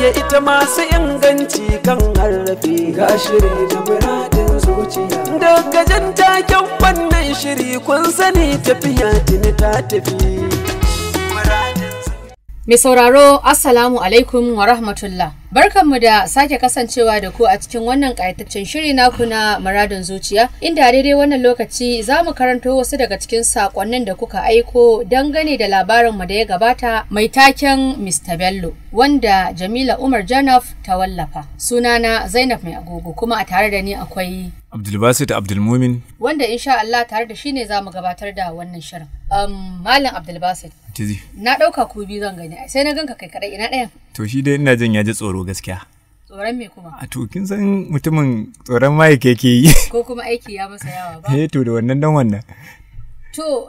ya ita masu inganci kan harrafi ga shiri da muradin zuciya daga jan taken wannan shiri kun sani tafiya tuni ta tafi Mai sauraro, Assalamu alaikum wa rahmatullah. Barkanmu da sake kasancewa da ku a cikin wannan ƙayataccen shiri naku na muradin zuciya inda daidai wannan lokaci za mu karanto wasu daga cikin saƙonnin da kuka aiko dangane da labarinmu da ya gabata mai taken Mr. Bello wanda Jamila Umar Janaf ta wallafa. Sunana Zainab Mai Agogo kuma a tare da ni akwai Abdulbasit Abdulmumin. Wanda insha Allah tare da shi ne za mu gabatar da wannan shirin. Um, Malam Abdulbasit. Na ɗauka ku biyu zan gani sai na ganka kai kaɗai ina ɗayan. To shi dai ina jin ya ji tsoro gaskiya. Tsoron me kuma? A to kin san mutumin tsoron ma yake ke yi. Ko kuma aiki ya masa yawa ba? Eh to da wannan dan wannan. To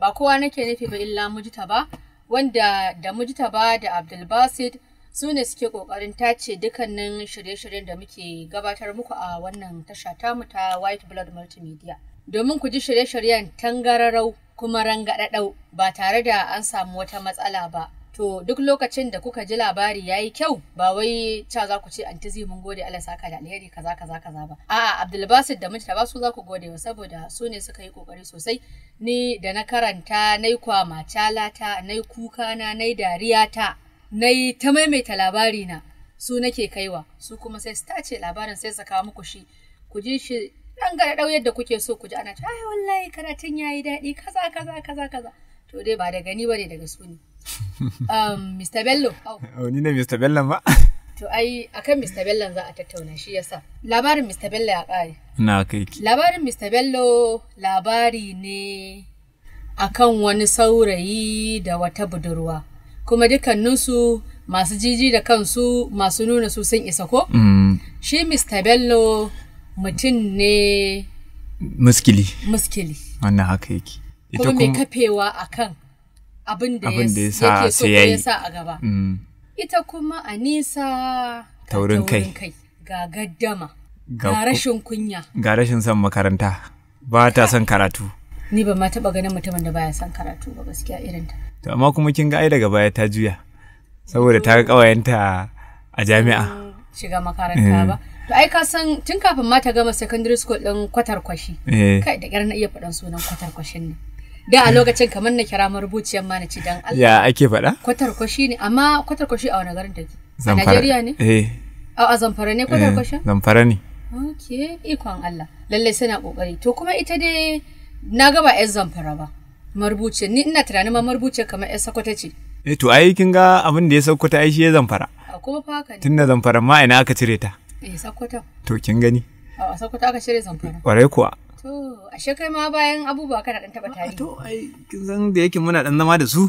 ba kowa nake nufi ba illa mujita ba wanda da mujita ba da Basit su ne suke kokarin tace dukkanin shirye-shiryen da muke gabatar muku a wannan tasha tamu ta White Blood Multimedia. Domin ku ji shirye-shiryen tangararau kuma rangadadau ba tare da an samu wata matsala ba. to duk lokacin da kuka ji labari yayi kyau ba wai ca za ku ce anti mun gode Allah saka da alheri kaza kaza kaza ba a'a Abdulbasit da ba su za ku gode wa saboda su ne suka yi kokari sosai ni da na karanta nai kwama calata nai kuka na nai dariya ta nai ta maimaita labari na su nake kaiwa su kuma sai su tace labarin sai su kawo muku shi ku ji shi dan ga yadda kuke so ku ji ana ta ai wallahi karatun yayi daɗi kaza kaza kaza kaza to dai ba daga ni bane daga su ne um, Mr. Bello. Oh. oh, ni ne Mr. Bello ba? To ai akan Mr. Bello za a tattauna shi yasa. Labarin Mr. Bello ya ƙare. Na kai ki. Labarin Mr. Bello labari ne akan wani saurayi da wata budurwa. Kuma dukkaninsu masu jiji da kansu masu nuna su sun isa ko? Mm. Shi Mr. Bello mutum ne. Muskili. Muskili. Wannan haka yake. Kuma mai kafewa akan abin da ya so ya sa a gaba. Mm. Ita kuma a nisa taurin kai ga gaddama ga rashin kunya ga rashin son makaranta ba ta son karatu. Ni ba ma taɓa ganin mutumin da baya son karatu ba gaskiya irin ta. To amma kuma kin ga ai daga baya ta juya saboda ta ga ƙawayenta a jami'a. Shiga makaranta ba. Eh. To ai ka san tun kafin ma ta gama secondary school ɗin kwashi. Eh. Kai da ƙyar na iya faɗan sunan kwatar kwashin ne. da a lokacin kamar na kira marubuciyar ma na ci dan Allah ya ake faɗa Kwatar kwashi ne amma kwatar kwashi a wani garin take a Najeriya ne eh a zamfara ne kwatar kwashi. Eh, zamfara ne okay ikon Allah lallai suna ƙoƙari. to kuma ita dai na ga ba 'yan zamfara ba marubuciyar ni ina tunanin ma marubuciyar kamar 'yan sakwata ce eh to ai kin ga abin da ya sakkwata ai shi ya zamfara kuma fa haka ne tunda zamfara ma ina aka cire ta eh sakwata. to kin gani a sakwata aka cire zamfara kwarai kuwa To, ashe kai ma bayan abubuwa kana dan taba tarihi. To, ai kin san da yake muna dan zama da su.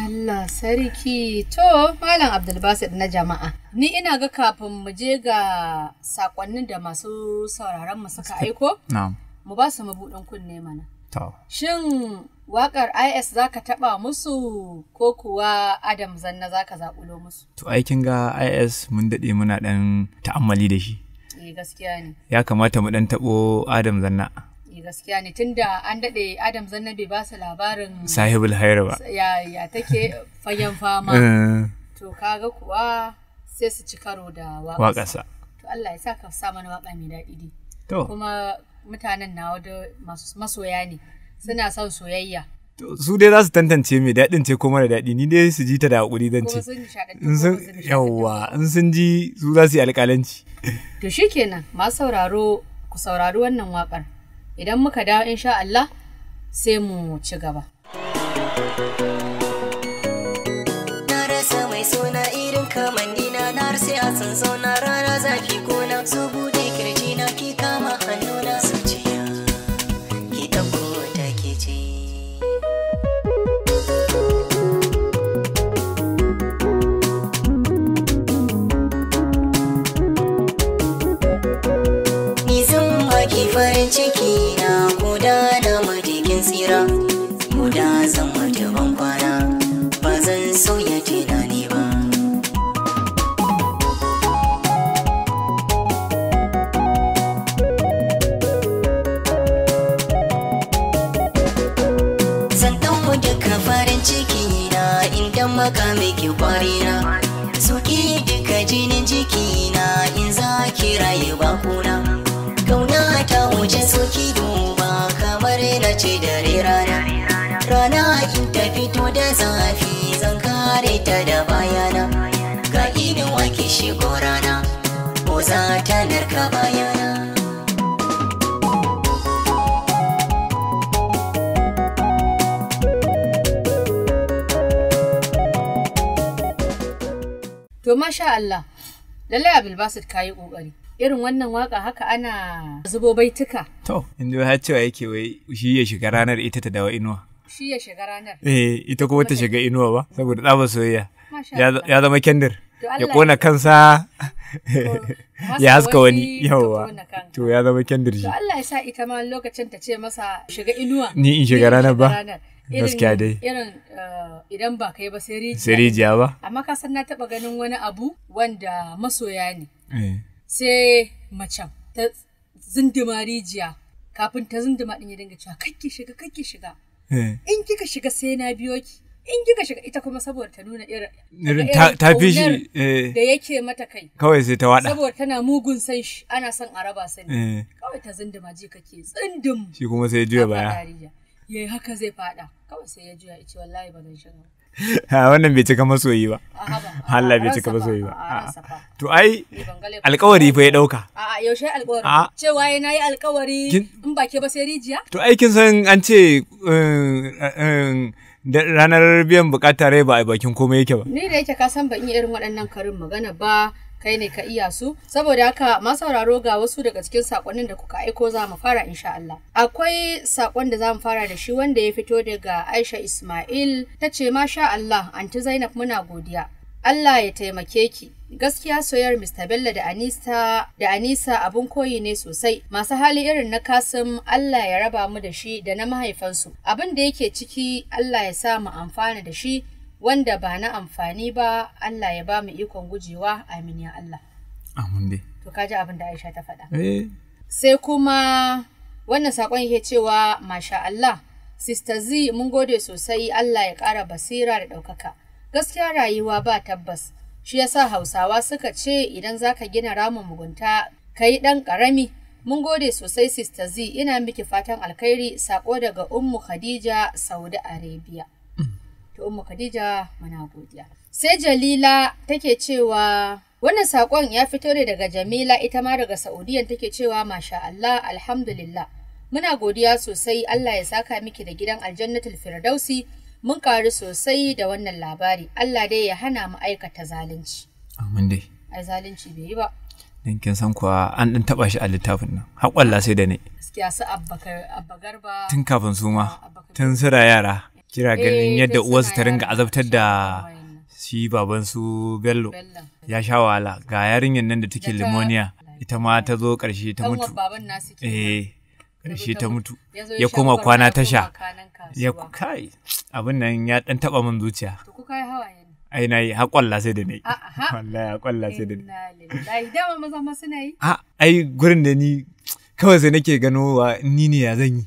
Allah sarki. To, Malam Abdulbasir na jama'a. Ni ina ga kafin mu je ga sakonnin da masu sauraron mu suka aiko. Na'am. Mu ba su mabudin kunne mana. To. Shin waƙar IS za ka taɓa musu ko kuwa Adam Zanna za ka zaƙulo musu? To, aikin ga IS mun daɗe muna ɗan ta'ammali da shi. Eh, gaskiya ne ya kamata mu dan tabo adam zanna eh, gaskiya ne tunda an daɗe adam zanna bai ba su labarin sahibul hayar ba ya ya take fagen fama eh. to kaga kuwa sai su ci karo da waƙasa to Allah ya sa ka sa mana waƙa mai daɗi To kuma mutanen nawa da masu masoya ne suna son soyayya su dai za su tantance mai daɗin ce ko mara daɗi ni dai su ji ta da hakuri zan ce yawwa in sun ji su za su yi alƙalanci to shi kenan ma sauraro ku saurari wannan waƙar idan muka dawo insha Allah sai mu ci gaba thank you ɗauki duba kamar na ce dare rana rana in ta fito da zafi zan kare ta da bayana ga inuwa ki shigo rana ko za ta narka bayana To masha Allah, lallai Abdulbasir ka yi ƙoƙari. irin wannan waka haka ana zubo baituka. To, inda har cewa yake wai shi ya shiga ranar ita ta dawa inuwa. Shi ya shiga ranar. Eh, ita kuma ta shiga inuwa ba, saboda tsaba soyayya. Ya zama kendir. Ya kona kansa ya haska wani yawa. To ya zama kendir shi. To Allah ya sa ita ma lokacin ta ce masa shiga inuwa. Ni in shiga ranar ba. gaskiya dai irin eh, idan ba kai ba sai rijiya ba amma ka san na taɓa ganin wani abu wanda masoya ne eh. sai macen ta zindima rijiya kafin ta zindima din ya dinga cewa kakki shiga kakki shiga eh. in kika shiga sai na biyo ki in kika shiga ita kuma saboda ta nuna irin ta fi shi eh. da yake mata kai kawai sai ta wada saboda tana mugun san shi ana son a raba sani eh. kawai ta zindima ji kake zundum shi kuma sai juya baya yayi haka zai fada kawai sai ya juya ya ce wallahi ba zan shiga Ah, wannan bai cika masoyi ba Allah bai cika masoyi ba to ai alkawari fa ya dauka a yaushe alkawari cewa yana yi alkawari in ba ke ba sai rijiya to ai kin san an ce um, um, ranar biyan bukatar rai ba a bakin komai yake ba ni da yake ka san ban yi irin waɗannan karin magana ba kai ne ka iya su saboda haka ma sauraro ga wasu daga cikin sakonnin da kuka aiko za mu fara insha Allah akwai sakon da za mu fara da shi wanda ya fito daga Aisha Ismail ta ce masha Allah anti Zainab muna godiya Allah ya taimake ki gaskiya soyar Mr. Bello da Anisa da Anisa abun koyi ne sosai masu hali irin na Kasim Allah ya raba mu da shi da na mahaifansu abin da yake ciki Allah ya sa mu amfana da shi wanda ba na amfani ba Allah ya ba mu ikon gujewa amin ya Allah. Amin dai. To kaji abin da Aisha ta faɗa. Eh. Sai kuma wannan saƙon yake cewa masha Allah Sister Z mun gode sosai Allah ya ƙara basira da ɗaukaka. Gaskiya rayuwa ba tabbas. Shi yasa Hausawa suka ce idan zaka gina ramin mugunta kai ɗan ƙarami Mun gode sosai Sister Z ina miki fatan alkhairi saƙo daga Ummu Khadija Saudi Arabia. to umma khadija muna godiya sai jalila take cewa wannan sakon ya fito ne daga jamila ita ma daga saudiyan take cewa masha allah alhamdulillah muna godiya sosai allah ya saka miki da gidan aljannatul firdausi mun karu sosai da wannan labari allah dai ya hana mu aikata zalunci amin dai ai zalunci bai yi ba Dan kin san kuwa an ɗan taɓa shi a littafin nan Hakwalla sai da ne gaskiya su abba garba tun kafin su ma tun sura yara kira ganin eh, yadda uwarsa ta ringa azabtar da shi baban su bello ya sha wahala ga yarinyar nan da take limoniya ita ma ta zo ƙarshe ta mutu eh ta mutu ya koma kwana tasha ya kai abin nan ya dan taba min zuciya ai na yi haƙwalla sai da na ah, ah, wallahi haƙwalla sai da na dama maza yi ah, ai gurin da ni kawai sai nake ganowa ni ne ya zan yi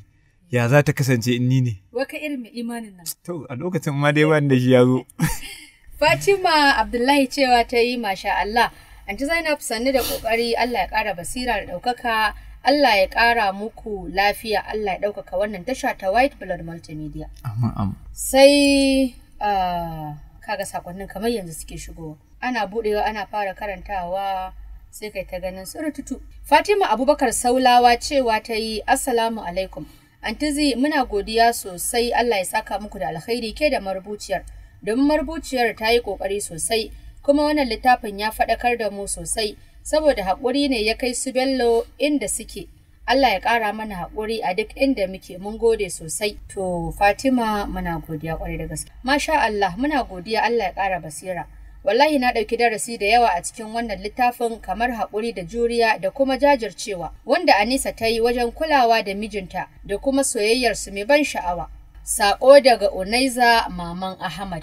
ya za ta kasance in ni ne waka irin mai imanin nan to a lokacin ma dai wanda shi ya zo Fatima Abdullahi cewa ta yi masha Allah Anti Zainab sannu da kokari Allah ya ƙara basira da ɗaukaka Allah ya ƙara muku lafiya Allah ya ɗaukaka wannan tasha ta White Blood Multimedia. Amma Sai uh, ah, kaga sakonnin kamar yanzu suke shigowa. Ana buɗewa ana fara karantawa sai kai ta ganin surututu. Fatima Abubakar Saulawa cewa ta yi Assalamu alaikum. Antizi muna godiya sosai Allah ya saka muku da alkhairi ke da marubuciyar. Domin marubuciyar ta yi kokari sosai kuma wannan littafin ya faɗakar da mu sosai saboda haƙuri ne ya kai su Bello inda suke. Allah ya ƙara mana haƙuri a duk inda muke mun gode sosai. To Fatima muna godiya ƙwarai da gaske. Masha Allah muna godiya Allah ya ƙara basira. Wallahi na ɗauki darasi da yawa a cikin wannan littafin kamar haƙuri da juriya da kuma jajircewa wanda Anisa ta yi wajen kulawa da mijinta da kuma soyayyarsu mai ban sha'awa. Saƙo daga Unaiza Maman Ahmad.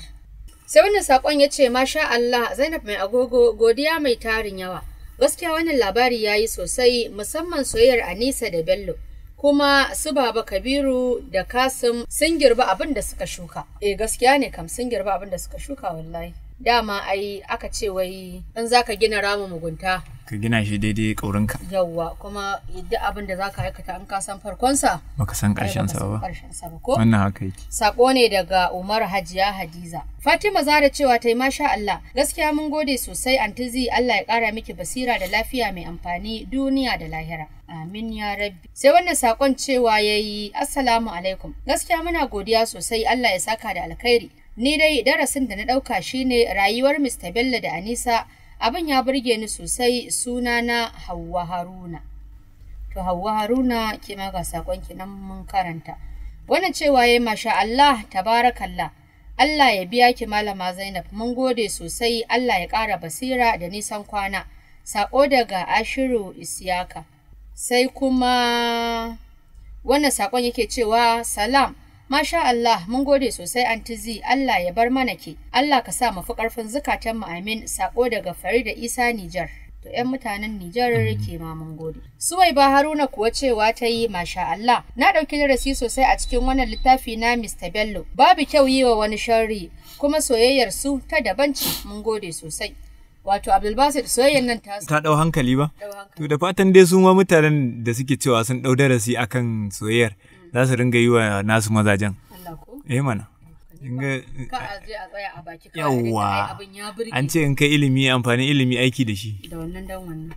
Sai wannan saƙon ya ce masha Allah Zainab mai agogo godiya mai tarin yawa. Gaskiya wannan labari ya yi sosai musamman soyayyar Anisa da Bello. kuma su baba kabiru da kasim sun girba abin da suka shuka eh gaskiya ne kam sun girba abin da suka shuka wallahi dama ai aka ce wai in za ka gina rama mugunta ka gina shi daidai ƙaurinka yawwa kuma duk abin da za ka aikata in ka san farkonsa ka san karshen sa ba wannan haka yake sako ne daga Umar Hajiya Hadiza Fatima Zara cewa yi masha Allah gaskiya mun gode sosai antizi Allah ya ƙara miki basira da lafiya mai amfani duniya da lahira Amin ya rabbi. Sai wannan sakon cewa ya yi, Assalamu alaikum. Gaskiya muna godiya sosai Allah ya saka da alkhairi. Ni dai darasin da na ɗauka shine rayuwar Mr. Bello da Anisa abin ya burge ni sosai suna na Hauwa Haruna. To Hauwa Haruna ke ga sakonki nan mun karanta. Wannan cewa ya masha Allah tabarakallah. Allah ya biya ki malama Zainab mun gode sosai Allah ya ƙara basira da nisan kwana. Sako daga Ashiru Isiyaka. Sai kuma wannan sakon yake cewa salam Masha Allah, mun gode sosai anti-Z. Allah ya bar mana ke. Allah ka sa mu fi ƙarfin zukatan mu amin. Sako daga Farida Isa Nijar. To 'yan mutanen Nijar ke ma mun gode. Suwaiba Haruna kuwa cewa ta yi masha Allah. Na ɗauki darasi sosai a cikin wannan littafi na Mr. Bello. Babu kyau yi wa wani sharri kuma soyayyar su ta daban ce. Mun gode sosai. wato abdulbasir soyayyar nan ta ta dau hankali ba to da fatan dai su ma mutanen da suke cewa sun dau darasi akan soyayyar za su ringa yi wa nasu mazajen eh mana an ce in kai ilimi amfanin ilimi aiki da shi da wannan dan wannan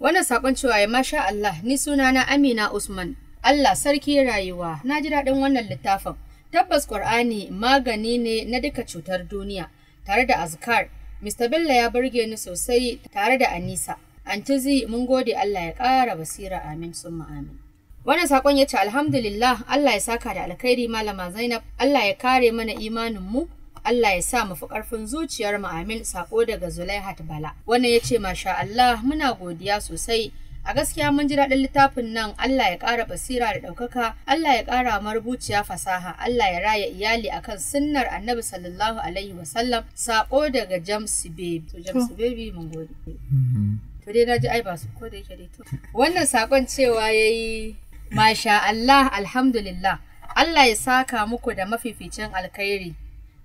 wannan sakon cewa ya masha Allah ni sunana Amina Usman Allah sarki rayuwa na ji daɗin wannan littafin tabbas Qur'ani magani ne na duka cutar duniya tare da azkar Mr. Bello ya burge ni sosai tare da Anisa Antizi mun gode Allah ya ƙara basira amin summa amin Wannan sakon ya ce alhamdulillah Allah ya saka da alkhairi malama Zainab Allah ya kare mana imanin mu Allah ya sa mu fi ƙarfin zuciyar mu amin sako daga Zulaihat Bala. Wannan ya ce masha Allah muna godiya sosai a gaskiya mun ji daɗin littafin nan Allah ya ƙara basira da ɗaukaka Allah ya ƙara marubuciya fasaha Allah ya raya iyali akan sunnar annabi sallallahu alaihi wasallam sako daga James Baby to James Baby mun gode mm-hmm. to dai naji ai ba su ko da yake dai to wannan sakon cewa yayi Masha Allah, alhamdulillah, Allah ya saka muku da mafificin alkhairi,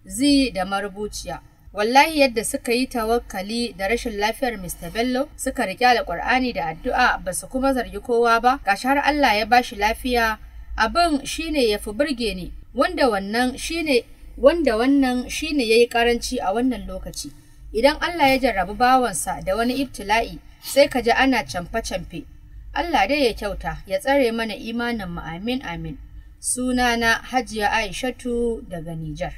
zi da marubuciya. Wallahi yadda suka yi tawakkali da rashin lafiyar Mr. Bello suka riƙe ƙur'ani da addu'a ba su kuma zargi kowa ba, gashi har Allah ya ba shi lafiya abin ne ya fi burge ni, wanda wannan shine wanda wannan ne ya yi ƙaranci a wannan lokaci. Idan Allah ya jarrabi bawansa da wani ibtila'i sai ka ji ana camfe-camfe. Allah dai ya kyauta ya tsare mana imanin mu amin amin sunana hajiya aishatu daga Nijar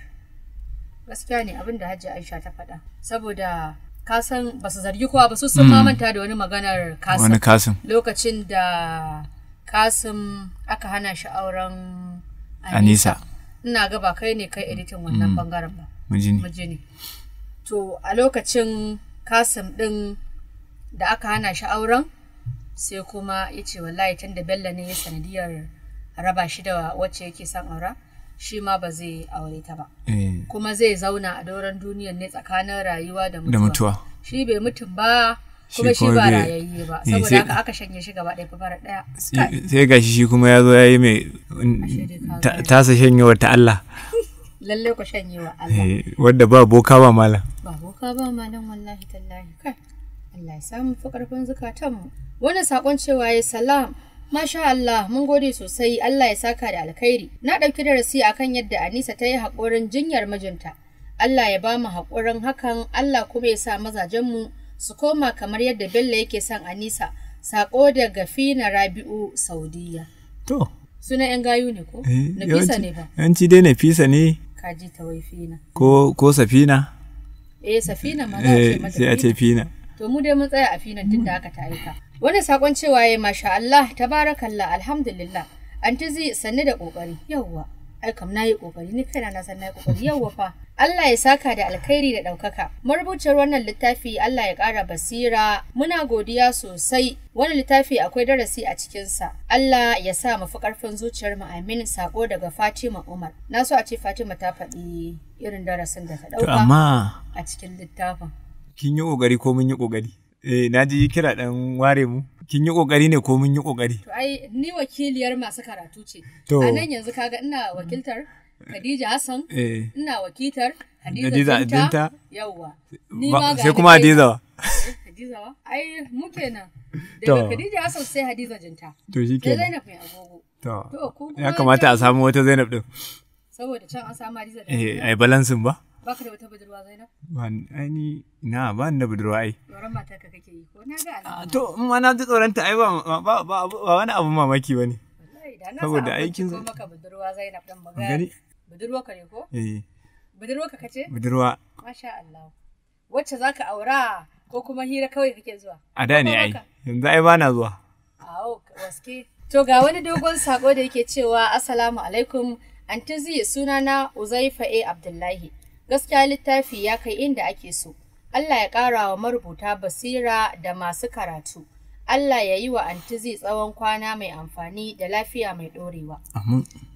gaskiya ne abin da hajiya aisha ta faɗa saboda kasan ba su zargi kowa ba su sun mamanta hmm. da wani maganar kasim lokacin da kasim aka hana shi auren anisa ina ga ba kai ne kai editin wannan hmm. bangaren ba mijini to a lokacin kasim din da aka hana shi auren sai kuma ya ce wallahi tun da bello ne ya sanadiyar raba shi da wacce yake son aura shi ma ba zai aure ta ba eh. kuma zai zauna a doron duniyar ne tsakanin rayuwa da mutuwa shi bai mutum ba kuma shi ba rayayye ba eh, saboda haka aka shanye shi gaba ɗaya fara ɗaya sai gashi shi kuma ya zo ya yi mai mm, tasa shanyewa ta Allah lallai ku shanye wa Allah eh, wadda ba boka ba malam ba boka ba malam wallahi tallahi kai Allah ya samu fi ƙarfin zukatanmu. Wannan saƙon cewa ya salam. Masha Allah, mun gode sosai, Allah ya saka da alkhairi. Na ɗauki darasi akan yadda Anisa ta yi haƙurin jinyar mijinta. Allah ya ba mu haƙurin hakan, Allah kuma ya sa mazajenmu su koma kamar yadda Bello yake son Anisa. Saƙo daga Fina Rabi'u, Saudiya. To. Suna 'yan gayu ne ko? Eh, Nafisa ne ba. Yanci dai Nafisa ne. Kaji ta wai Fina. Ko, ko Safina? Eh, Safina ma za a ce eh, mata Fina. to mu dai mun tsaya a filin tun da aka ta aika wani sakon cewa ya masha Allah tabarakallah alhamdulillah anti zai sanni da kokari yawwa ai kam nayi kokari ni kaina na san nayi kokari yawwa fa Allah ya saka da alkhairi da ɗaukaka. Marubuciyar wannan littafi Allah ya ƙara basira, muna godiya sosai. Wannan littafi akwai darasi a cikinsa. Allah ya sa mu fi ƙarfin zuciyar mu amin sako daga Fatima Umar. Na so a ce Fatima ta faɗi irin darasin da ta ɗauka a cikin littafin. kin yi ƙoƙari ko mun yi ƙoƙari eh na ji kira ɗan ware mu kin yi ƙoƙari ne ko mun yi ƙoƙari to ai ni wakiliyar masu karatu ce to a nan yanzu kaga ina wakiltar Khadija Hassan Eh. ina wakiltar Hadiza Dinta yawwa ni ma ga. sai kuma Hadiza eh, Hadiza wa ai mu kenan daga Khadija Hassan sai Hadiza Jinta to shi kenan Zainab mai agogo to To, ya kamata a samu wata Zainab din saboda can an samu Hadiza eh ai balansin ba Baka da wata budurwa Zainab? Ban na ba da budurwa ai. Tsoron matar ka kake yi ko na ga ah, alama. To in ma na ji tsoron ta ai ba ba wani abu mamaki bane. Saboda aikin zai. maka budurwa Zainab dan magana. Budurwa ka ne ko? Eh. Budurwa ka kace? Budurwa. Masha Allah. Wacce zaka aura ko kuma hira kawai kake zuwa? A da ne ai. Yanzu ai bana zuwa. Awo waske. To ga wani dogon sako da yake cewa Assalamu alaikum. Antizi sunana Uzaifa A Abdullahi. Gaskiya littafi ya kai inda ake so. Allah ya ƙara wa marubuta basira da masu karatu. Allah ya yi wa antizi tsawon kwana mai amfani da lafiya mai ɗorewa.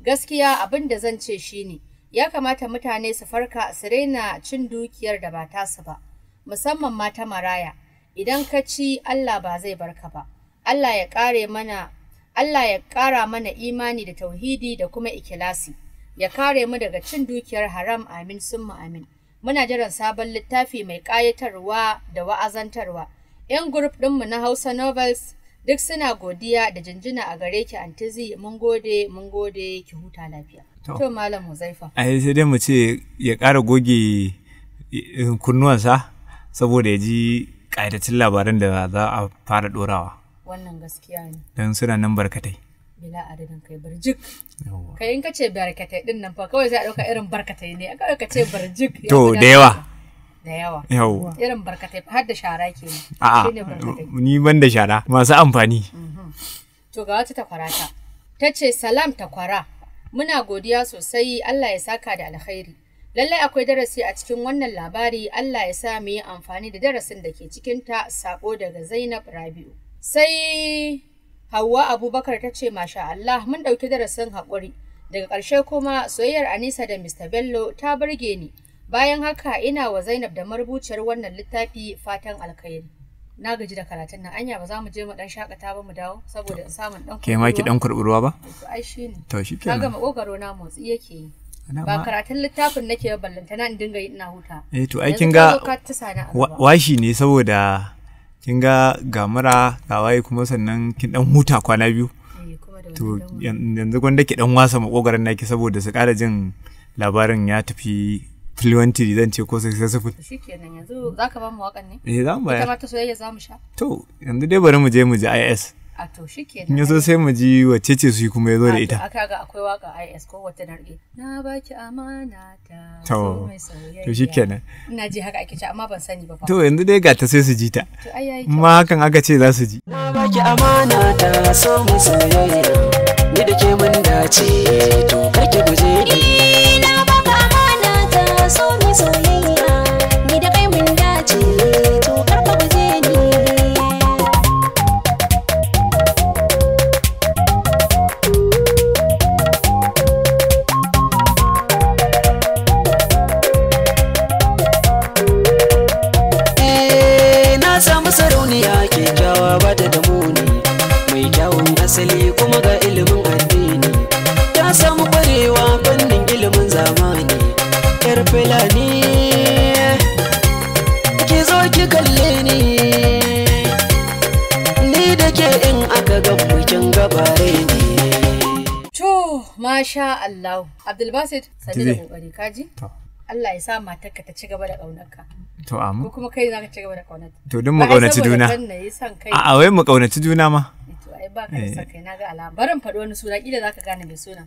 Gaskiya abin da zan ce shine ya kamata mutane su farka su raina cin dukiyar da ba tasu ba, musamman mata maraya. Idan ka ci Allah ba zai barka ba. Allah ya ƙara mana imani da tauhidi da kuma ikilasi. ya kare mu daga cin dukiyar haram amin sun amin muna jiran sabon littafi mai ƙayatarwa da wa'azantarwa yan group ɗinmu na hausa novels duk suna godiya da jinjina a gare ki antizi mun gode mun gode ki huta lafiya to malam zaifa. a sai dai mu ce ya kara goge eh, kunnuwansa saboda ya ji ƙayatattun labaran da za a fara ɗorawa wannan gaskiya ne don suna nan barkatai bila adadin kai barjik kai in ka ce barkatai din nan fa kawai sai ɗauka irin barkatai ne kawai ka ce barjik to da yawa da yawa yawa irin barkatai har da shara ke a'a ni ban da shara masu amfani mhm. to ga wata takwarata ta ce salam takwara muna godiya sosai Allah ya saka da alkhairi lallai akwai darasi a cikin wannan labari Allah ya sa mu yi amfani da darasin da ke cikinta sako daga Zainab Rabi'u sai Hauwa Abubakar ta ce masha Allah mun ɗauki darasin haƙuri. Daga ƙarshe kuma soyayyar Anisa da Mr. Bello ta burge ni. Bayan haka ina wa Zainab da marubuciyar wannan littafi fatan alkhairi. Na gaji da karatun nan anya ba za mu je mu dan shakata ba mu dawo saboda in samun dan Ke ma ki dan kurburuwa ba? Ai ne. To shi kenan. Kaga makogaro na motsi yake yi. Ba karatun littafin nake ballantana in dinga yi ina huta. Eh to aikin ga washi ne saboda kin ga ga mura ga waye kuma sannan kin dan huta kwana biyu eh, to yanzu gwanda ki dan wasa makogaran naki saboda su kara jin labarin ya tafi fluently zan ce ko successful shikenan yanzu zaka ba mu wakan ne eh za mu bayar ta soyayya za mu sha to yanzu dai bari mu je mu ji IS a to shikenan ya zo sai mu ji wacce ce su kuma ya zo da ita a kaga akwai waka IS ko wata narke na baki amana ta to to shi shikenan ina ji haka ake ce amma ban sani ba to yanzu dai ga ta sai su ji ta To ma hakan aka ce za su ji na baki amana ta so mu soyayya ni da ke mun dace to kake guje ni na baka amana ta so mu soyayya yar fulani ki zo ki kalle ni ni da ke in aka ga kin gabare ni to masha Allah Abdulbasit sani da kokari kaji Allah ya sa matarka ta ci gaba da ƙaunarka. To amma Ko kuma kai zaka ci gaba da ƙaunarta. To dun mu ƙaunaci juna. A a wai mu ƙaunaci juna ma. Eh, ba ka da son eh. kai na ga alama. Barin faɗo wani suna ƙila za ka gane mai suna.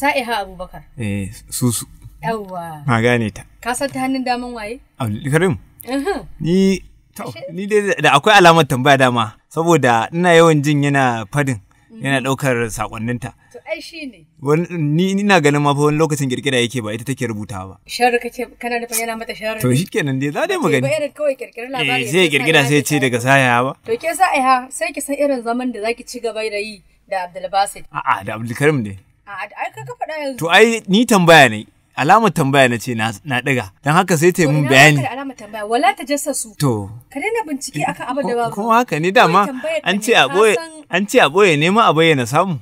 Sa'iha Abubakar. Eh su su. Yawwa. Na gane ta. Ka san ta hannun daman waye? Abdulkarim. Ni ni dai da akwai alamar tambaya dama saboda ina yawan jin yana fadin yana mm-hmm. ɗaukar sakonninta. To ai shi ne. Ni ina ganin ma fa wani lokacin kirkira yake ba ita take rubutawa ba. Sharri kake kana nufin yana mata sharri. To shi kenan dai za dai mu gani. Ba irin kawai kirkira labari. Eh sai kirkira sai ce daga saya ba. To ke sa ai ha sai ki san irin zaman da zaki ci gaba da yi da Abdulbasit. A'a da Abdulkarim ne. A'a ai ka ka faɗa yanzu. To ai ni tambaya ne. alama tambaya na ce na ɗiga don haka sai ta yi mun bayani alamar tambaya to haka ne dama an ce a boye an ce a nema a bayyana samu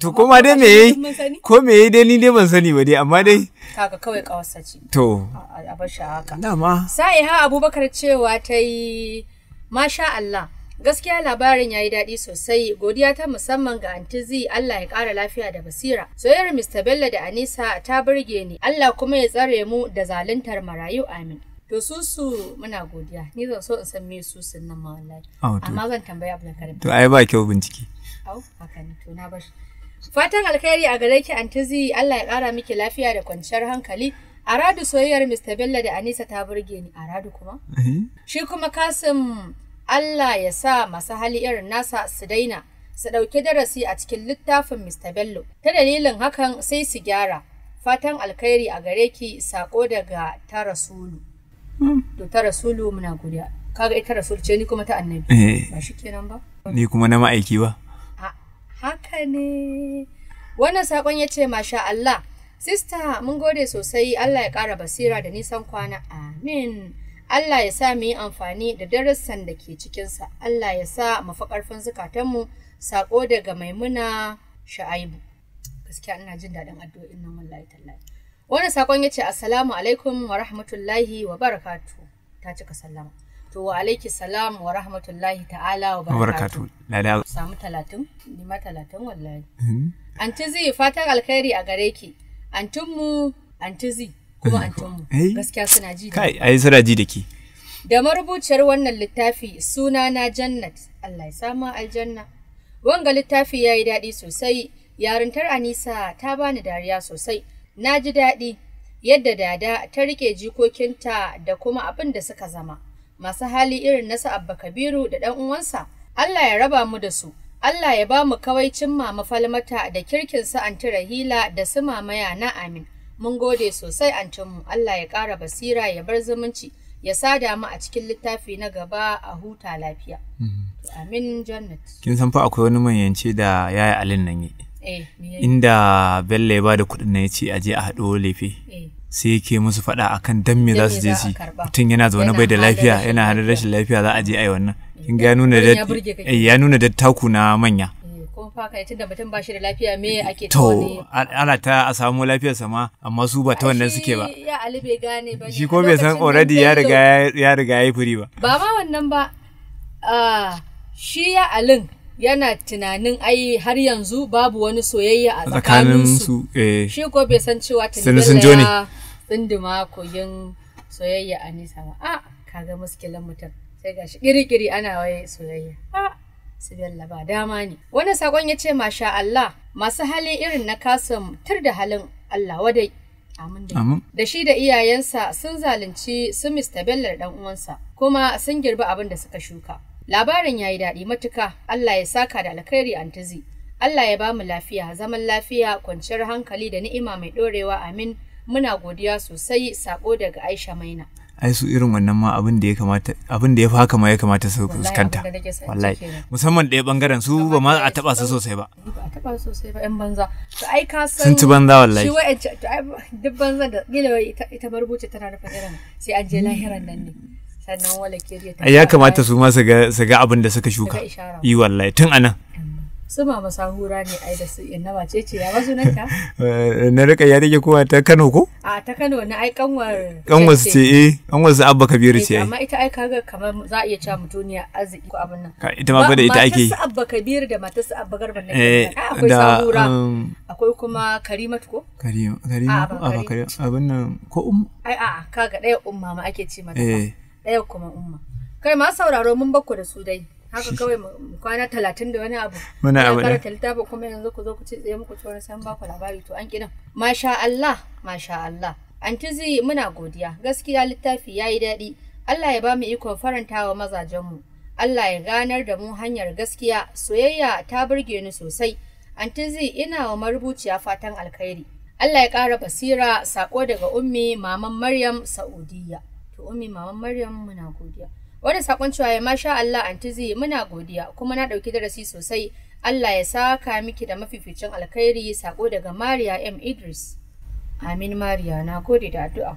to ko dai me yayi ko me yayi dai ni dai ban sani ba dai amma dai ah, kaga kawai kawarsa ce to a bar haka dama sai ha abubakar cewa ta yi masha Allah Gaskiya labarin ya yi daɗi sosai, godiya ta musamman ga Aunty Z Allah ya ƙara lafiya da basira. Soyayyar Mr. Bello da Anisa ta burge ni, Allah kuma ya tsare mu da zaluntar marayu amin. To su muna godiya, ni zan so in san me sun nan ma wallahi. Amma zan tambaya Abdulkarim. To ai ba kyau bincike. Au, haka ne, to na bar. Fatan alkhairi a gare ki Aunty Z Allah ya ƙara miki lafiya da kwanciyar hankali. Aradu soyayyar Mr. Bello da Anisa ta burge ni, Aradu kuma? Eh? Shi kuma Kasim Allah ya sa masu hali irin nasa su daina su ɗauki darasi a cikin littafin Mr. Bello. Ta dalilin hakan sai su gyara. Fatan alkhairi a gare ki sako daga ta rasulu. Hmm. To ta rasulu muna godiya. Kaga ita rasulu ce ni kuma ta annabi. Eh. Ba shi kenan ba. Ni kuma na ma'aiki ba. Haka ne. Wannan sakon ya ce masha Allah. Sista mun gode sosai Allah ya ƙara basira da nisan kwana. Amin. Allah ya sa mu yi amfani da darussan da ke cikinsa. Allah ya sa mu fi ƙarfin zukatanmu saƙo daga maimuna sha'aibu. Gaskiya ina jin daɗin addu'o'in nan wallahi tallahi. Wani saƙon ya ce assalamu alaikum wa rahmatullahi wa barakatu. Ta cika sallama. To wa alaiki salam wa rahmatullahi ta'ala wa barakatu. Samu talatin? Nima talatin wallahi. Mm-hmm. Antizi fatan alkhairi a gare ki. Antinmu Antizi. da marubuciyar wannan littafi suna na Jannat Allah ya samu aljanna wanga littafi yayi daɗi sosai yarintar Anisa ta bani dariya sosai na ji daɗi yadda dada ta rike jikokinta da kuma abin da suka zama masu hali irin nasu abba kabiru da ɗan uwansa Allah ya raba mu da su Allah ya ba mu kawaicin mama falmata da kirkin su antirahila da su mamaya na amin Mun gode sosai antinmu, Allah ya ƙara basira ya bar zumunci ya sada mu a cikin littafi na gaba a huta lafiya. Mm-hmm. Amin Jannat. Kin san fa akwai wani ce da yaya alin nan yi. Eh, Inda Bello ya bada kuɗin na ya ce aje a haɗo lefe. Eh. Sai yake musu faɗa akan dan me za su je shi. Mutum yana zaune bai da lafiya yana hada rashin lafiya za a je a yi wannan. Kin ga ya eh, nuna dattaku na manya. fa kai tunda mutum ba shi da lafiya me ake ta wani ana ta a samu lafiyar sama amma su ba ta wannan suke ba ya ali bai gane ba shi ko bai san already ya riga ya riga yayi furi ba ba ma wannan ba shi ya alin yana tunanin ai har yanzu babu wani soyayya a tsakanin su eh. shi ko bai san cewa tunanin ya tsinduma kogin soyayya a nisa ba a kaga muskilan mutum sai gashi kiri-kiri ana waye soyayya a su ba dama ne wani sakon ya ce masha Allah masu hali irin na kasan tur da halin Allah wadai amin da shi da iyayensa sun zalunci su Mr. Bellar dan uwansa kuma sun girbi abin da suka shuka labarin ya yi daɗi matuka Allah ya saka da alkhairi antazi Allah ya ba mu lafiya zaman lafiya kwanciyar hankali da ni'ima mai ɗorewa amin muna godiya sosai sako daga Aisha Maina ai su irin wannan ma abin da ya kamata abin da ya fi haka ma ya kamata su fuskanta wallahi musamman ɗaya bangaren su ba ma a taba su sosai ba ai ka san sun ci banza wallahi shi ya kamata su ma su ga abin da suka shuka yi wallahi tun anan su mama sahura ne ai da su inna wace ce ya wasu nan eh, na rika ya take kowa ta Kano ko a ta Kano na ai kanwar kanwar ce eh kanwar su Abba Kabiru ce eh, amma ita ai kaga kamar za a iya cewa mutuniya arziki ko abin nan ita ma da ita ake su Abba Kabiru da su Abba Garba eh, na akwai sahura um, akwai kuma Karimatu ko Karima Karima Abba Karima abin nan ko um ai a kaga daya umma ma ake ce mata daya kuma umma kai ma sauraro mun bakku da su dai haka kawai kwana talatin da wani abu Muna abu ne littafin kuma yanzu ku zo ku ce tsaye muku ci wani san baku labari to an kidan masha Allah masha Allah antizi muna godiya gaskiya littafi yayi daɗi Allah ya ba mu ikon farantawa mazajenmu Allah ya ganar da mu hanyar gaskiya soyayya ta burge ni sosai antizi ina wa marubuciya fatan alkhairi Allah ya ƙara basira sako daga ummi maman Maryam Saudiya to ummi maman Maryam muna godiya wani sakon cewa ya masha Allah anti zai muna godiya kuma na ɗauki darasi sosai Allah ya saka miki da mafificin alkhairi sako daga Maria M Idris Amin Maria na gode da addu'a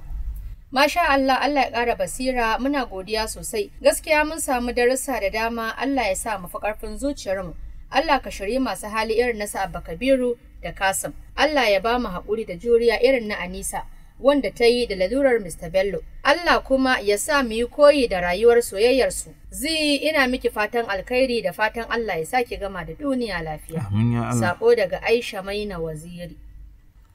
Masha Allah Allah ya ƙara basira muna godiya sosai gaskiya mun samu darussa da dama Allah ya sa mu fi ƙarfin zuciyarmu Allah ka shirye masu hali irin na Abba Kabiru da Kasim Allah ya ba mu haƙuri da juriya irin na Anisa wanda ta yi da lalurar Mr. Bello. Allah kuma ya sa mu yi koyi da rayuwar soyayyarsu. Zi ina miki fatan alkhairi da fatan Allah ya sake gama da duniya lafiya. Sako daga Aisha Maina Waziri.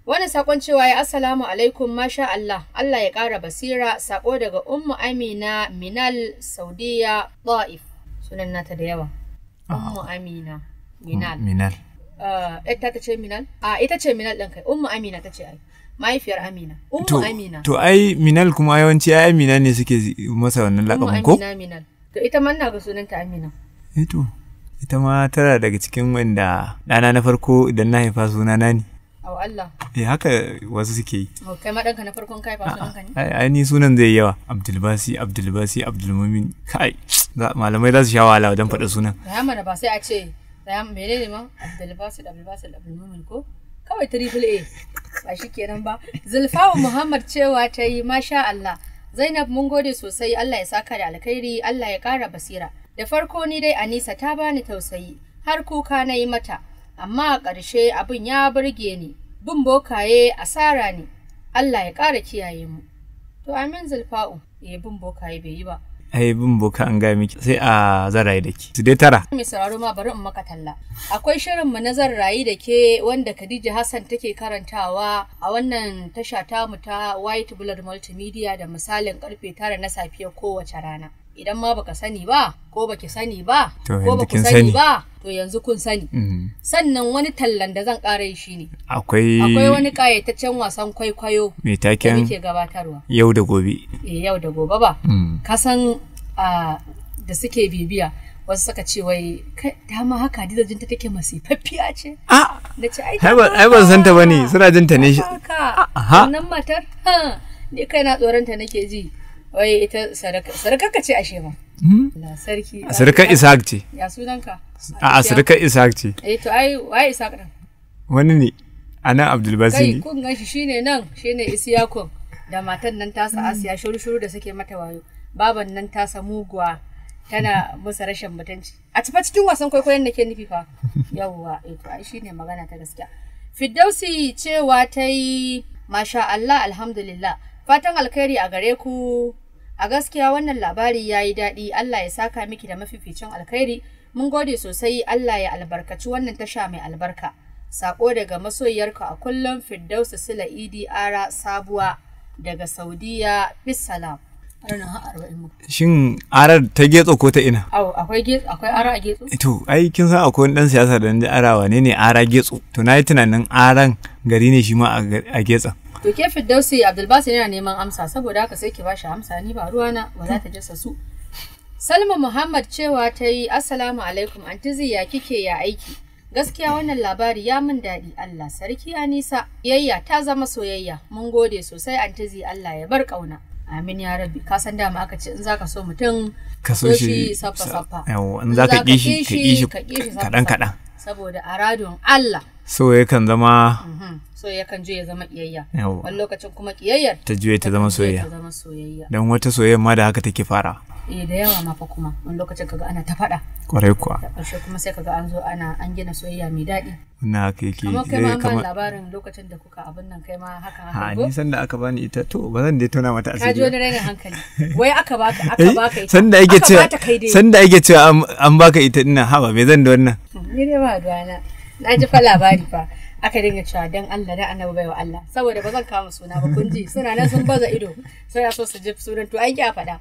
Wani sakon cewa ya assalamu alaikum masha Allah, Allah ya ƙara basira, sako daga Ummu Amina Minal Saudiya Ta'if. Sunan nata da yawa. Ah. Ummu Amina Minal. Minal. Ah, ita ta ce Minal? A ah, ita ce Minal ɗin kai, Ummu Amina ta ce ai. mahaifiyar amina Umu amina to ai minal kuma yawanci ai amina ne suke masa wannan lakabin ko amina minal to ita manna ga sunanta amina Eto. Eh ita ma tara daga cikin wanda ɗana na farko idan na haifa sunana ne Au Allah. Eh haka wasu suke yi. Kai ma ɗanka na farkon kai ba sunanka ne? Ai ni sunan zai yawa. Abdulbasi, Abdulbasi, Abdulmumin. Kai, malamai za su sha wahala wajen faɗa sunan. Ya mana ba sai a ce, ne ma? Abdulbasi, Abdulbasi, Abdulmumin ko? kawai triple a ba shi kenan ba zulfawa muhammad cewa ta yi masha allah zainab mun gode sosai allah ya saka da alkhairi allah ya kara basira da farko ni dai anisa ta bani tausayi har kuka na yi mata amma a ƙarshe abin ya burge ni bin bokaye asara ne allah ya ƙara kiyaye mu to amin zulfa'u eh bin bokaye bai yi ba ai bin boka an ga miki sai a zaraye da ki. dai tara. Mai sauraro ma bari in maka talla. Akwai shirin mu na rayu da ke wanda Khadija Hassan take karantawa a wannan tasha mu ta White Blood Multimedia da misalin karfe tara na safiya kowace rana. idan ma baka sani ba ko baki sani ba ko baki sani ba to yanzu kun sani mm. sannan wani tallan da zan ƙara shi ne. akwai akwai wani ƙayataccen wasan kwaikwayo Me taken da gabatarwa yau da gobe eh yau da gobe ba mm. ka san da suke bibiya wasu suka ce wai dama haka Hadiza jinta take masifaffiya ce ah! a da ce ai ai ban san ta bane suna jinta ne shi ah, wannan matar ha ni kai na tsoron ta nake ji wai ita sadaka ashe hmm? sarki a sadaka ce ya eh, anan abdul kai kun shine nan shine da matan nan hmm. da suke mata wayo tasa muguwa tana musu rashin mutunci a cifa cikin wasan kwaikwayon da ke nufi fa yawwa eh, to ai shine magana ta gaskiya fiddausi cewa ta yi masha Allah alhamdulillah fatan alkhairi a gare ku A gaskiya wannan labari ya yi daɗi Allah ya saka miki da mafificin alkhairi. Mun gode sosai Allah ya albarkaci wannan tasha mai albarka. saƙo daga masoyiyarka a kullum Firdausa Sila Idi e Ara Sabuwa daga Saudiya. Bisalam. Shin arar ta getso ko ta ina? Akwai ara a getso? ai kin san akwai ɗan siyasa da ji ara wane ne ara getso. To na yi tunanin aran gari ne shi ma a getsa. To ke Firdausi Abdulbasi yana neman amsa saboda haka sai ki ba shi amsa ni ba ruwana ba za ta jasa su. Salma Muhammad cewa ta yi Assalamu alaikum antizi ya kike ya aiki. Gaskiya wannan labari ya min daɗi Allah sarki Anisa nisa. Yayya ta zama soyayya. Mun gode sosai antizi Allah ya bar ƙauna. amin ya rabbi ka san dama aka ce in zaka so mutum ka so shi saffa saffa in zaka shi ka shi kaɗan kaɗan saboda aradun Allah so kan zama mhm. so kan juya zama kiyayya wani lokacin kuma kiyayyar ta juya ta zama soyayya don wata soyayya ma da haka take fara eh da yawa ma fa kuma wani lokacin kaga ana ta faɗa kwarai kuwa da ƙarshe kuma sai kaga an zo ana an gina soyayya mai daɗi na haka yake kamar kai ma eh, labarin lokacin da kuka abin nan kai ma haka haka ha ni sanda aka bani ita to ba zan dai tona mata asiri ka ji wani rainin hankali wai aka baka aka eh, baka ita da ake cewa sanda ake cewa an baka ita ina haba me zan da wannan ni dai ba gana na ji fa labari fa aka dinga cewa dan Allah dan annabi wa Allah saboda ba zan kama suna ba kun ji suna na sun baza ido suna so su ji sunan to ai faɗa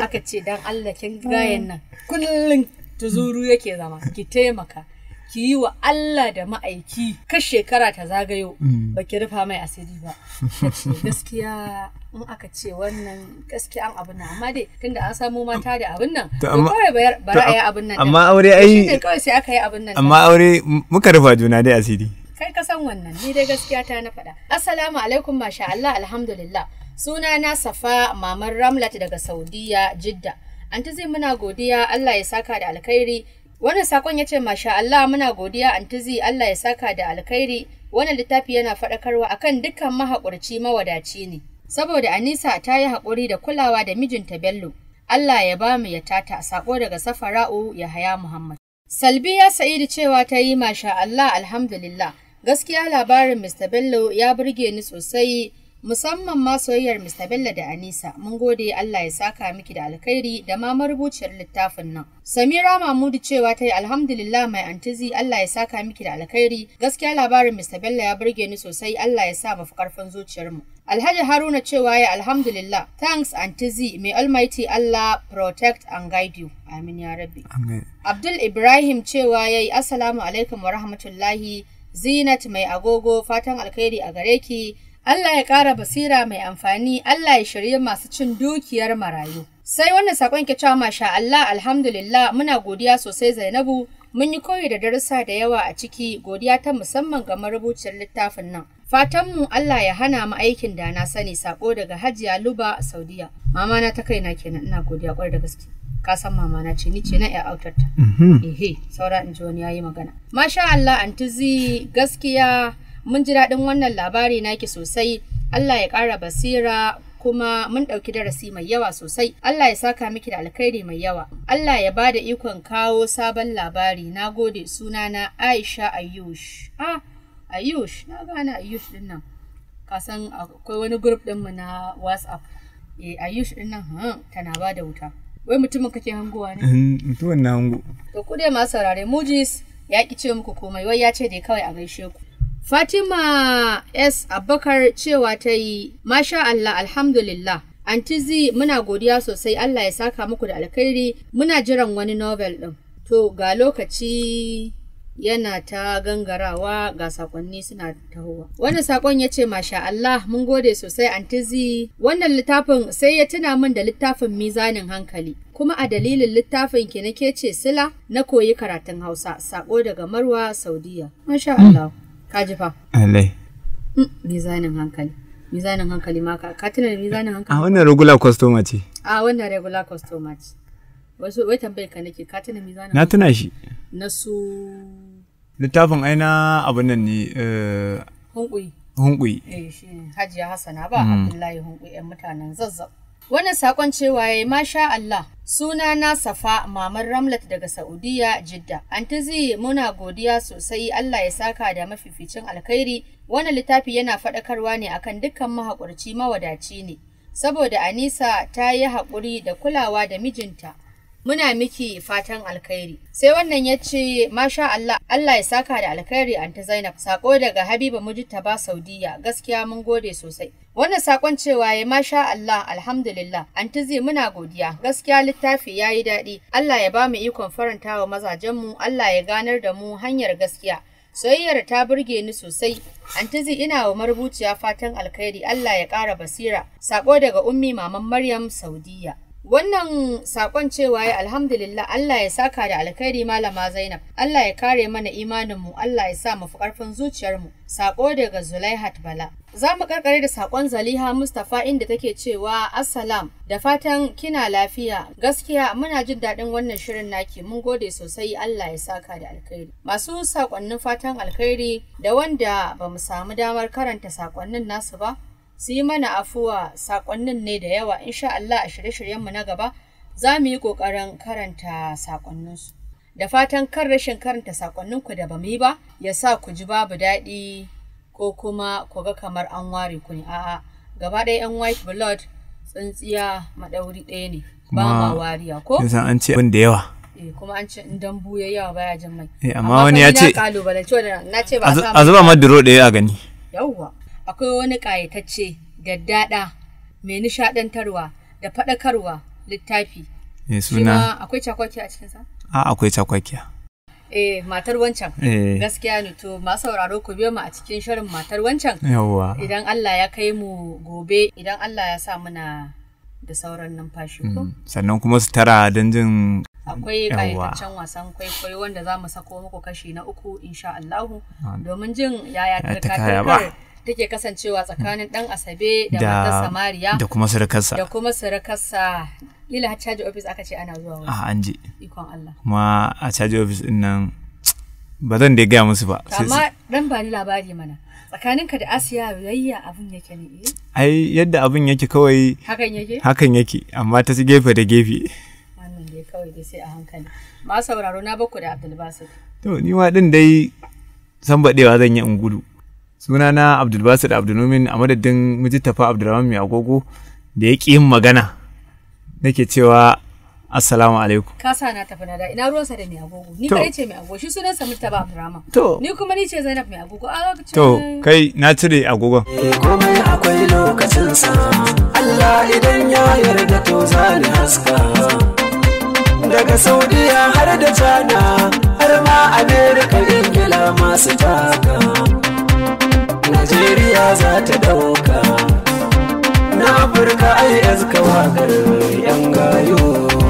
aka ce dan Allah kin gayen mm. nan kullun tuzuru yake zama ki taimaka ki yi wa Allah da ma'aiki Ka shekara ta zagayo mm. ba ki rufa mai asiri ba gaskiya in aka ce wannan gaskiya an na nan amma dai tunda an samu mata da abin nan to kawai bara a yi abin nan amma aure ai kawai sai aka yi abin nan amma aure muka rufa juna dai asiri kai ka san wannan ni dai gaskiya ta na faɗa assalamu alaikum masha Allah alhamdulillah suna na safa maman ramlat daga saudiya jidda anta zai muna godiya Allah ya saka da alkhairi Wannan sakon ya ce masha Allah muna godiya antizi Allah ya saka da alkhairi wannan littafi yana faɗakarwa akan dukkan mahaƙurci mawadaci ne. Saboda Anisa ta yi haƙuri da kulawa da mijinta Bello. Allah ya ba mu ya tata sako daga Safara'u Yahaya Muhammad. ya sa'idi cewa ta yi masha Allah alhamdulillah. Gaskiya labarin Mr. Bello ya burge ni sosai musamman ma soyayyar Mr. Bello da Anisa. Mun gode Allah ya saka miki da alkhairi da ma marubuciyar littafin nan. Samira Mahmudu cewa ta yi alhamdulillah mai antizi Allah ya saka miki da alkhairi. Gaskiya labarin Mr. Bello ya burge ni sosai Allah ya sa mafi karfin mu Alhaji Haruna cewa ya alhamdulillah. Thanks antizi may almighty Allah protect and guide you. Amin ya rabbi. Abdul Ibrahim cewa ya yi assalamu alaikum wa rahmatullahi Zinat mai agogo fatan alkhairi a gare ki Allah ya ƙara basira mai amfani, Allah ya shirye masu cin dukiyar marayu. Sai wannan saƙon ke cewa masha Allah alhamdulillah muna godiya sosai Zainabu mun yi koyi da darussa da yawa a ciki godiya ta musamman ga marubuciyar littafin nan. Fatanmu Allah ya hana mu aikin da na sani sako daga Hajiya Luba a Saudiya. Mama na ta kaina kenan ina godiya kwarai da gaske. Ka san mama na ce ni ce na autar autarta. Mhm. Ehe saura in ji wani yayi magana. Masha Allah antizi gaskiya mun ji daɗin wannan labari naki sosai Allah ya ƙara basira kuma mun ɗauki darasi mai yawa sosai. Allah ya saka miki da alkhairi mai yawa. Allah ya bada ikon kawo sabon labari. Na gode suna na Aisha Ayush. Ah, Ayush, na gane Ayush din nan. Ka san akwai wani grup ɗinmu na WhatsApp. E, Ayush din nan hmm, tana ba wuta. Wai mutumin kake hangowa ne? Mutumin na hango. To ku dai masu saurare Mujis ya ki ce muku komai wai ya ce dai kawai a gaishe ku. Fatima S. Abubakar cewa ta yi, Masha Allah, Alhamdulillah. Antizi muna godiya sosai Allah ya saka muku da alkhairi muna jiran wani novel ɗin. To ga lokaci yana ta gangarawa ga sakonni suna tahowa. Wannan sakon ya ce masha Allah mun gode sosai antizi wannan littafin sai ya tuna min da littafin mizanin hankali. Kuma a dalilin littafin ki nake ce sila na koyi karatun Hausa sako daga Marwa Saudiya. Masha Allah. Kajifa. fa. Alai. Hmm, mizanin hankali. Mizanin hankali ma ka ka tuna mizanin hankali. A wannan regular customer ce. A wannan regular customer ce. Wasu wai tambayar ka nake ka tuna mizanin Na tuna shi. Na su Littafin aina abin nan ne eh Hunkui. Hunkui. Eh shi Hajiya Hassana ba mm. Abdullahi Hunkui ɗan mutanen Zazzab. Wannan sakon cewa ya yi masha Allah Suna na Safa Maman Ramlat daga Saudiya Jidda. Antizi muna godiya sosai Allah ya saka da mafificin alkhairi. Wannan littafi yana faɗakarwa ne akan dukkan mahaƙurci mawadaci ne. Saboda Anisa ta yi haƙuri da kulawa da mijinta. muna miki fatan alkhairi sai wannan ya ce masha Allah Allah ya saka da alkhairi anta Zainab sako daga Habiba Mujitta ba Saudiya gaskiya mun gode sosai wannan saƙon cewa ya masha Allah alhamdulillah ta zai muna godiya gaskiya littafi ya yi daɗi Allah ya ba mu ikon farantawa mazajenmu Allah ya ganar da mu hanyar gaskiya soyayyar ta burge ni sosai antizi ina wa marubuciya fatan alkhairi Allah ya ƙara basira sako daga ummi maman Maryam Saudiya Wannan sakon cewa ya alhamdulillah Allah ya saka da alkhairi malama Zainab, Allah ya kare mana imanin mu Allah ya sa mu fi zuciyar mu saƙo daga Zulaihat Bala. Za mu karkare da sakon Zaliha Mustapha inda take cewa Assalam da fatan kina lafiya. Gaskiya muna jin daɗin wannan shirin naki mun gode sosai Allah ya saka da alkhairi. Masu saƙonnin fatan alkhairi da wanda bamu samu damar karanta saƙonnin nasu ba, su yi mana afuwa sakonnin ne da yawa insha Allah a shirye-shiryenmu na gaba za mu yi ƙoƙarin karanta sakonninsu. Da fatan kan rashin karanta sakonninku da ba mu yi ba ya sa ku ji babu daɗi ko kuma ku ga kamar an ware ku ne a'a gaba ɗaya 'yan white blood tsintsiya maɗauri ɗaya ne ba ma wariya ko? Yanzu an ce abin da yawa. Eh, kuma an ce in buya yawa baya jin mai. Eh, amma wani ya ce. Amma kan na kalubale na ce ba a zuba ma duro ɗaya a gani. Yawwa. akwai wani ƙayatacce daddada mai nishaɗantarwa da faɗakarwa littafi e, suna akwai cakwakiya a cikinsa? a akwai cakwakiya eh matar wancan eh. gaskiya ne to masu sauraro ku biyo mu a cikin shirin matar wancan yawwa idan Allah ya kai mu gobe idan Allah ya sa muna da sauran numfashi ko mm, sannan kuma su tara don jin akwai kayataccen wasan kwaikwayo wanda za mu sako muku kashi na uku insha Allahu ah. domin jin yaya ta kaya take kasancewa tsakanin dan asabe da matarsa mariya da kuma surukarsa da kuma surukarsa ila har charge office aka ce ana zuwa wani a ah, an je ikon Allah kuma a charge office din nan ba zan dai gaya musu ba amma dan ba ni labari mana tsakaninka da asiya yayya abun yake ne eh ai yadda abun yake kawai hakan yake hakan yake amma ta gefe da gefe wannan dai kawai dai sai a hankali ma sauraro na bakku da Abdulbasir to ni ma din dai san badewa zan yi in gudu sunana abdulbasir abdulmumin a madadin mujittafa abdulrahman mai agogo da ya ƙi yin magana nake cewa assalamu alaikum ka sa na tafi na da ina ruwansa da mai agogo ni kai ce mai agogo shi ta ba abdulrahman to ni kuma ni ce zainab mai agogo a lokacin to kai na cire agogon eh, komai akwai lokacin sa Allah idan ya yarda to za ni haska daga saudiya har da jana har ma america ingila masu taka Najeriya za ta dauka na Afirka ai iska wagar 'yan gayo